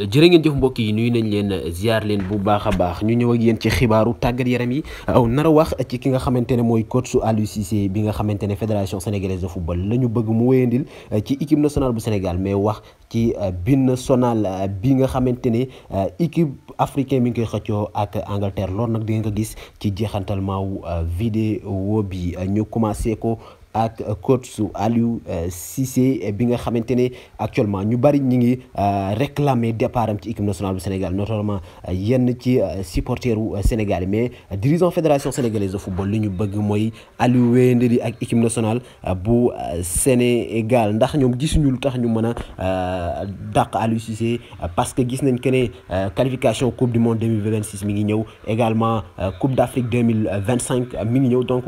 jërë ngeen jëf mbokk yi nuyu nañ leen ziar leen bu baax a baax ñu ñëw ak yéen ci xibaaru tàggat yaram yi aw nar a wax ci ki nga xamante ne mooy coach su Aliou Cissé bi nga xamante ne fédération sénégalaise de football la bëgg mu wéyandil eh, ci équipe nationale bu Sénégal mais wax ci eh, binational eh, bi nga xamante ne équipe africain mi ngi koy xëccoo ak Angleterre loolu nag di nga ko gis ci jeexantal maaw vidéo bi ñu commencé ko. ak euh, coach su Aliou euh, Cissé euh, bi nga xamantene actuellement ñu bari ñi ngi réclamer départam ci équipe nationale du Sénégal notamment yenn ci supporteru Sénégal mais dirigeant fédération sénégalaise de football li ñu bëgg à Aliou nationale ak équipe nationale bu Sénégal ndax ñom nous lu tax ñu mëna dakk Aliou Cissé parce que gis nañ que né qualification coupe du monde 2026 mi ngi ñëw également coupe d'Afrique 2025 mi ngi ñëw donc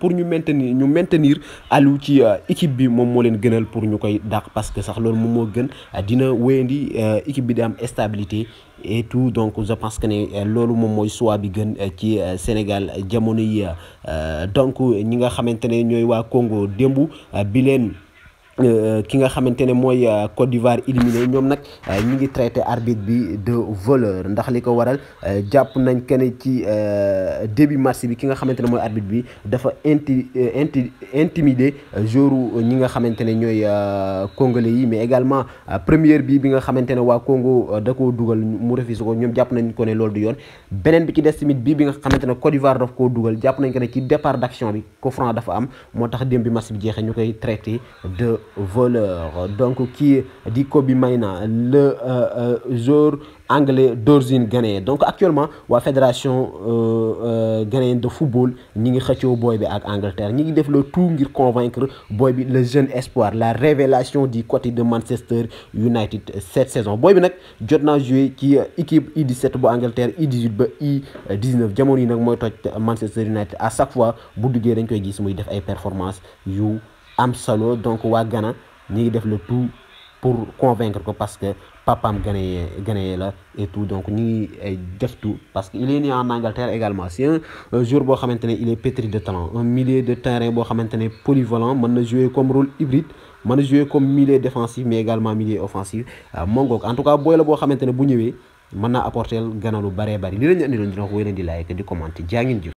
pour ñu maintenir ñu maintenir à l'outil ci euh, équipe bi mom pour nous Dak parce que sax loolu gën euh, dina euh, équipe bi stabilité et tout donc je pense que ne loolu moment moy choix bi Sénégal jamono yi donc ñi nga nous Congo Dembu bi euh, ki nga xamantene moy mooy euh, Côte d'Ivoire éliminé ñom nak euh, ñi ngi traité arbitre bi de voleur ndax liko waral japp nañ kene ci début match bi ki nga xamantene moy arbitre bi dafa inti inti intimider joueur ñi nga xamantene ñoy congolais yi mais également première bi bi nga xamantene wa Congo da ko duggal mu refusé ko ñom japp nañ ko ne loolu du yoon benen bi ci dess timit bi bi nga xamantene ne Côte d'Ivoire daf ko duggal japp nañ kene ci départ d'action bi coup franc dafa am motax tax bi match bi jexé ñukay traité de voleur. Donc, qui dit Kobe Maina, le euh, euh, joueur anglais d'origine ghanéen. Donc, actuellement, la fédération euh, euh de football, nous avons boy avec Angleterre. Nous avons le tout pour convaincre boy le jeune espoir, la révélation du côté de Manchester United cette saison. Boy bi nag joué ci équipe 17 bu Angleterre i 18 ba i 19 jamoni yi joué Manchester United à chaque fois bu duggee dañ koy gis def performance am solo donc wa gana ni def le tout pour convaincre ko parce que papam ghanéen gagne la et tout donc ni def tout parce qu'il est né en Angleterre également c'est un joueur bo xamantene il est pétri de talent un milieu de terrain bo xamantene polyvalent man jouer comme rôle hybride man na jouer comme milieu défensif mais également milieu offensif euh, moo en tout cas boy la bo xamantene bu ñëwee man na apporter ganalu bare bare li la ñu andi loon wax ko wéy di like di commenter